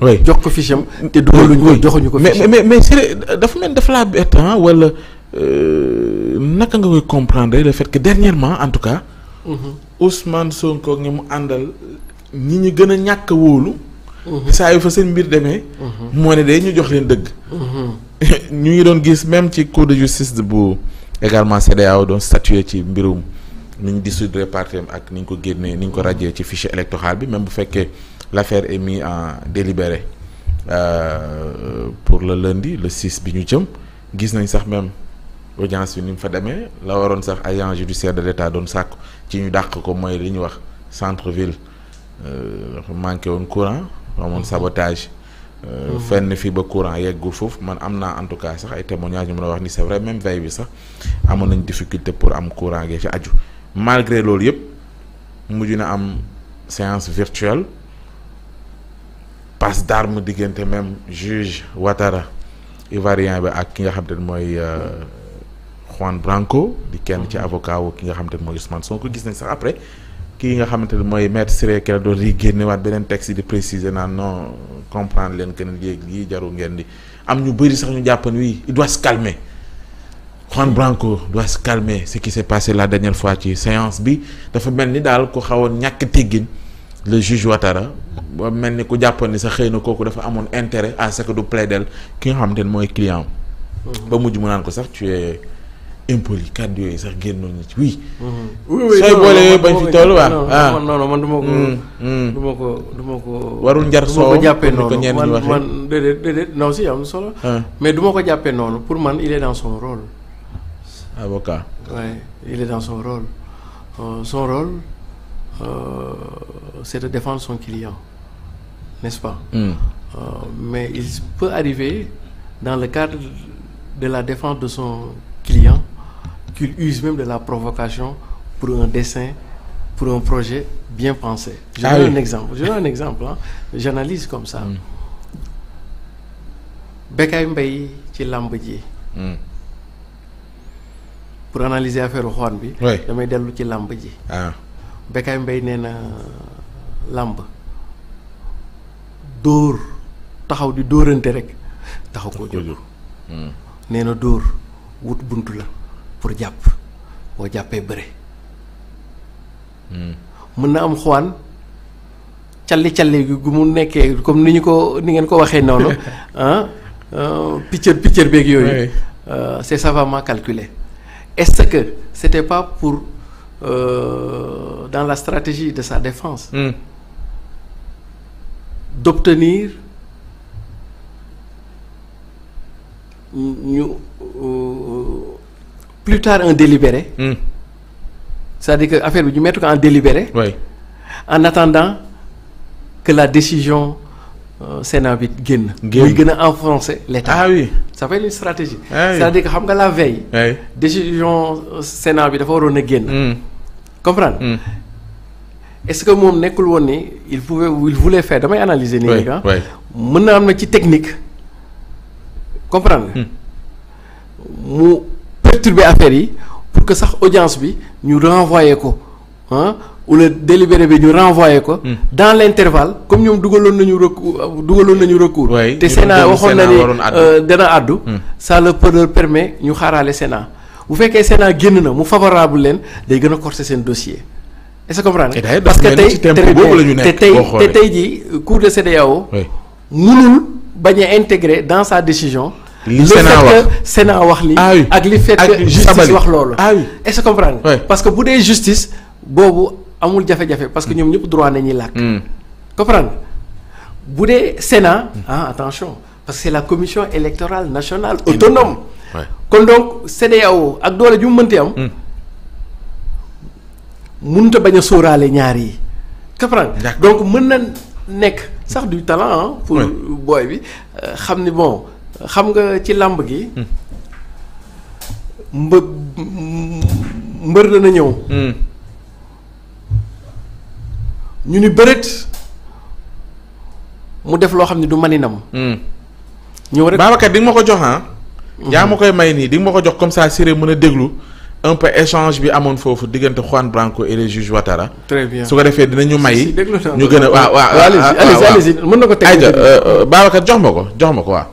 jox ko fiche am te dugaluñ ko joxuñu ko fiche mais mais c'est dafa mel dafa laa bett wala euh, naka nga koy comprendre la fait que dernièrement en tout cas mm-hmm. Ousmane Sonko ngi mu àndal ñi ñu gën a ñàkk a wóolu mm-hmm. fa seen mbir demee mm-hmm. moo ne day ñu jox leen dëgg ñu ngi doon gis même ci cour de justice bu également CEDEAO doon statuer ci mbirum ni ñu dissoudre parti ak ni ñu ko génnee ni ñu ko rajee ci fichier électoral bi même bu fekkee l'affaire est mise en délibéré euh, pour le lundi le 6 bi ñu jëm gis nañ sax même audience bi ni mu fa demee la waroon sax agent judiciaire de l'État doon sàkku ci ñu dàq ko mooy li ñuy wax centre ville dafa euh, manqué woon courant amoon sabotage euh, mm-hmm. fenn fii ba courant yeggul foofu man am naa en tout cas sax ay témoignages ñu mën a wax ni c'est vrai même veille bi sax amoon nañ difficulté pour am courant gee fi aju malgré loolu yëpp mujj na am séance virtuelle passe d'arme diggante même juge Ouattara ivoirien bi ak ki nga xam ne mooy euh, Juan Branco di kenn ci avocat wu ki nga xam te ne mooy Ousmane Sonko gis nañ sax après kii nga xamante ne mooy maître Ciré Clédor Ly génnewaat beneen texte di préciser naan non comprendre leen que ne lii jarul ngeen di am ñu bëri sax ñu jàpp ne oui il doit se calmer Juan Branco doit se calmer ce qui s'est passé la dernière fois ci séance bi dafa mel ni daal ku xawoon ñàkk teggin le juge Ouattara ba mel ni ku jàppoon ni sax xëy na kooku dafa amoon intérêt à ce que du plaidel ki nga xamante ne mooy client mhm. ba mujj mu naan ko sax tu es impoli kàddu yooyu sax génn na ci oui. Mhm. sooy boole bañ fi toll waaw ah. man du ma ko. Mm, mm. du ma ko du ma ko. warul njar soo ah. ko jàppee noonu man man si am solo. mais du ko jàppe noonu pour man il est dans son rôle. avocat. oui il est dans son rôle euh, son rôle euh, c'est de défendre son client. n'est-ce pas hmm. euh, Mais il peut arriver, dans le cadre de la défense de son client, qu'il use même de la provocation pour un dessin, pour un projet bien pensé. Je ah un exemple. Je donne exemple. Hein. comme ça. Mm. Bekay Mbaye ci làmb ji. Hmm. pour analyser affaire xoon bi. damay dellu ci làmb ji. ah Bekay Mbaye nee na làmb. dóor taxaw di dóorante rek taxaw koo jur hmm. nee na dóor wut bunt la pour jàpp boo jàppee bëre hmm. mën na am xawaan calli calli gi mu nekkee comme ni ñu ko ni ngeen ko waxee noonu ah piccër euh, piccër beeg yooyu euh, c'est savamment calculé est-ce que c'était pas pour euh, dans la stratégie de sa défense mm. d'obtenir ñu euh, euh, plus tard un délibéré. Mmh. c'est-à-dire que affaire bi ñu mettre ko en délibéré. Oui. en attendant que la décision euh, bi génn. génn muy gën a enfoncer l'État. ah oui ça fait une stratégie. Ah cest dire que xam nga la veille. Oui. décision euh, Sénat bi dafa waroon a génn. Hmm. comprendre. Hmm. est-ce que moom nekkul woon ni il pouvait il voulait faire damay analyser nii rek ah mën na am na ci technique comprendre hmm. mu perturber affaire yi pour que sax audience bi ñu renvoyer ko ah wala délibéré bi ñu renvoyé ko hmm. dans l'intervalle comme ñoom dugaloon nañu recours euh, dugaloon nañu recours te Sénat waxoon na ni euh, dana àddu hmm. ça le peut leur permet ñu xaaraale Sénat bu fekkee Sénat génn na mu favorable leen day gën a corser seen dossier est-ce comprendre parce que tey te tey te tey jii cour de CEDEAO mënul bañ a intégrer dans sa décision li Sénat wax Sénat wax li ah ak li fekk justice wax loolu ah est-ce que parce que bu dee justice boobu amul jafe-jafe parce que ñoom ñëpp droit nañuy làkk hmm. comprendre bu dee Sénat ah attention parce que c'est la commission électorale nationale autonome kon donc CEDEAO ak doole ju am hmm. mënut a bañ a sóoraale ñaar yi. capran donc mën na nekk sax du talent pour booy bi euh, xam ni bon xam nga ci làmb gi. Hmm. mbë mbër dana ñëw. Hmm. ñu ni bëreet mu def loo xam ne du maninam. Hmm. ñëw rek Babacar di nga ma ko jox ah. yaa ma koy may nii di nga ma ko jox comme saa Siré mën a déglu. un peu échange bi amoon foofu diggante Juan Branco et les juges Ouattara. très bien su ko defee dinañu may. ñu gën a waa waaw waaw allez allez mën na ko teg. Euh, euh, Babacar jox ma ko jox ma ko waaw.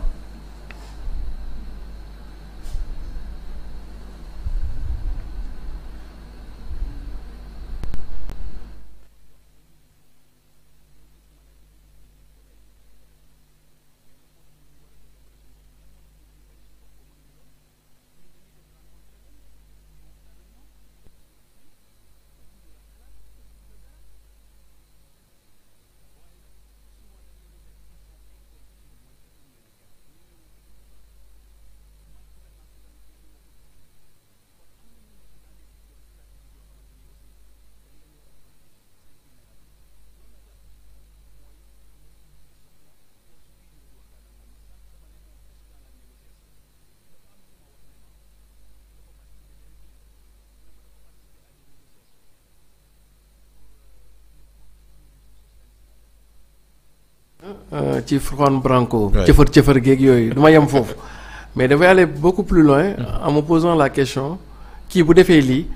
Euh, ci Juan Branco. cëfër cëfër géeg yooyu du ma foofu. mais dafay aller beaucoup plus loin am mm. me posant la question kii bu defee lii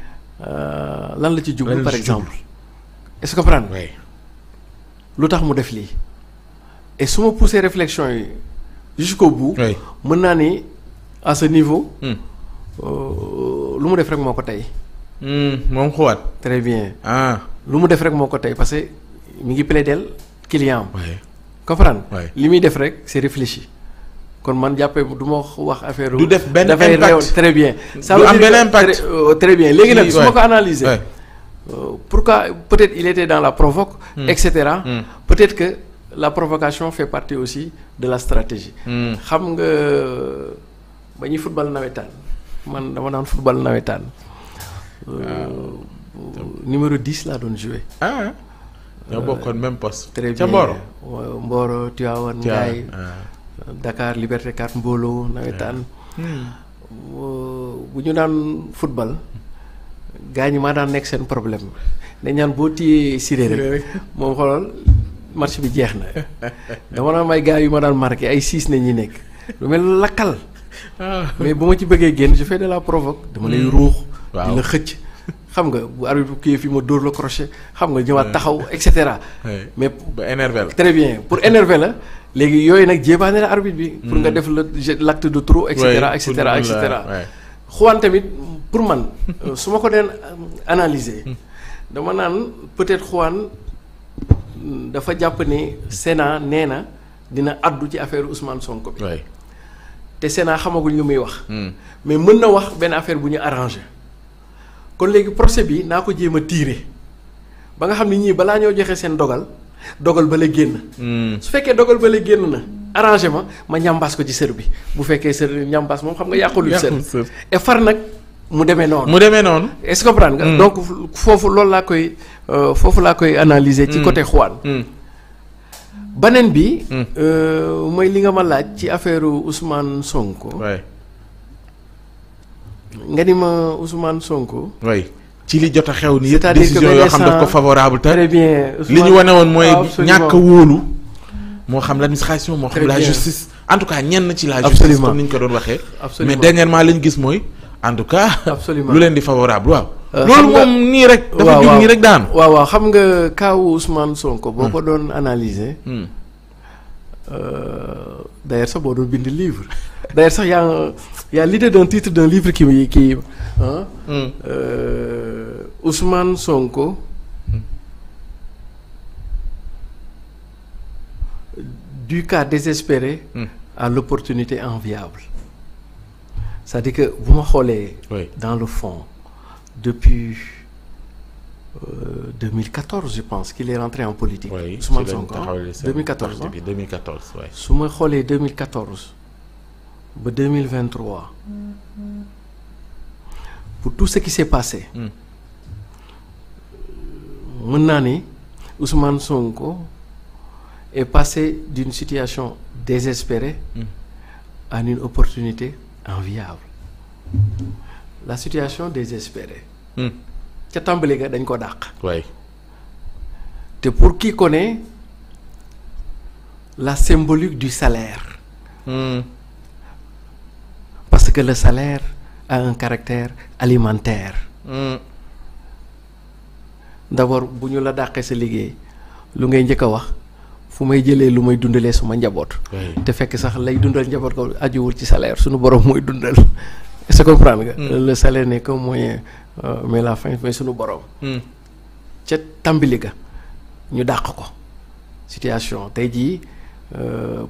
euh, lan la ci jublu par exemple. est-ce que comprendre lu tax mu def lii. et su ma poussé réflexion yi jusqu'au bout. mën naa ni à ce niveau. Mm. Euh, lu mu def rek moo ko tey. Mm, moom xuwaat. très bien. Ah. lu mu def rek moo ko tey parce que mi ngi plaidel client comprendre li muy def rek c'est réfléchi kon man jàppee du ma wax affaire. du def benn impact dafay réew très bien. sa veut dire impact euh, très bien léegi nag su ma ko euh, pour qua peut-être il était dans la provoque. Hmm. et cetera. Hmm. peut-être que la provocation fait partie aussi de la stratégie. Hmm. xam nga ba ñuy football nawetaan man dama naan football nawetaan. Euh, ah. numéro 10 laa doon joué. Ah, ñoo euh, bokkoon même poste. très bien ca Mboro. Mboro Tivaouane. Ngaye Dakar Liberté 4 Mbolo nawetaan. Euh, bu ñu daan football. gaa ñi ma daan nekk seen problème dañ ñaan boo téyee Siré rek moom xoolal match bi jeex na dama naa may gars yu ma daan marqué ay six na ñuy nekk lu mel lakkal ah. mais bu ma ci bëggee génn je fais la provoque dama lay hmm. ruux di la xëcc xam nga bu arbitre bu kii fii ma dóor la crochet xam nga ñëwaat taxaw et cetera. mais ba énervé la très bien pour énervé la léegi yooyu nag jéebaane la arbitre bi. pour nga mm. def la l' acte de trop. et cetera et cetera et cetera. xuwaan tamit pour man euh, su ma ko deen analyser mm. dama naan peut-être xuwaan dafa jàpp ni Sénat nee na dina addu ci affaire Ousmane Sonko bi. te Sénat xamagul lu muy wax. Mm. mais mën na wax benn affaire bu ñu arrangé. kon léegi procès bi naa ko jéem a tiire ba nga xam ne ñii balaa ñoo joxe seen dogal dogal ba la génn. Hmm. su fekkee dogal ba la génn na. arrangé ma ma ñambaas ko ci sër bi bu fekkee sër ñambaas moom xam nga yàqulu sër et far nag mu demee noonu mu demee noonu est-ce que comprendre nga hmm. donc foofu loolu laa koy euh, foofu laa koy analyser ci hmm. côté Juan beneen bi euh, mooy li nga ma laaj ci affaire Ousmane Sonko nga ni ma Ousmane Sonko. oui ci li jot a xew ni yëpp décision yoo xam daf ko favorable te très ñu wane woon mooy ñàkk a moo xam l'administration moo xam la justice. en tout cas ñenn ci la justice comme ni ko doon waxee. mais dernièrement ñu gis mooy. en tout cas. lu leen di favorable waaw. Euh, loolu moom nii rek. dafa jug nii rek waaw xam nga kaawu Ousmane Sonko. boo hmm. ko doon analyser. Hmm. Euh, d'ailleurs sax boo doon bind livre d'ailleurs sax y a li a l'idée d'un titre d'un livre qui qui ah. Ousmane Sonko. du cas désespéré. Hmm. à l'opportunité enviable. c'est-à-dire que bu ma xoolee. dans le fond depuis. 2014 euh, je pense qu'il est rentré en politique. oui Ousmane Sonko 2014 ah 2014 waay. su ma xoolee 2014 ba 2023 pour tout ce qui s'est passé. Hmm. Euh, mën naa ni Ousmane Sonko est passé d'une situation désespérée hmm. à une opportunité enviable la situation désespérée. Mm. ca tàmbali ga dañ ko dàq. waay te pour qui ne la symbolique du salaire. Hmm. parce que le salaire a un caractère alimentaire. Mmh. d'abord bu ñu la dàqee sa liggéey lu ngay njëkk a wax fu may jëlee lu may dundalee suma njaboot. te fekk sax lay dundal njaboot ko ajuwul ci salaire sunu borom mooy dundal. est-ce que comprendre nga. Mm. le salaire n'est qu'un moyen euh, mais la fin mooy suñu mm. ca tàmbali ga ñu dàq ko situation tey jii. Euh,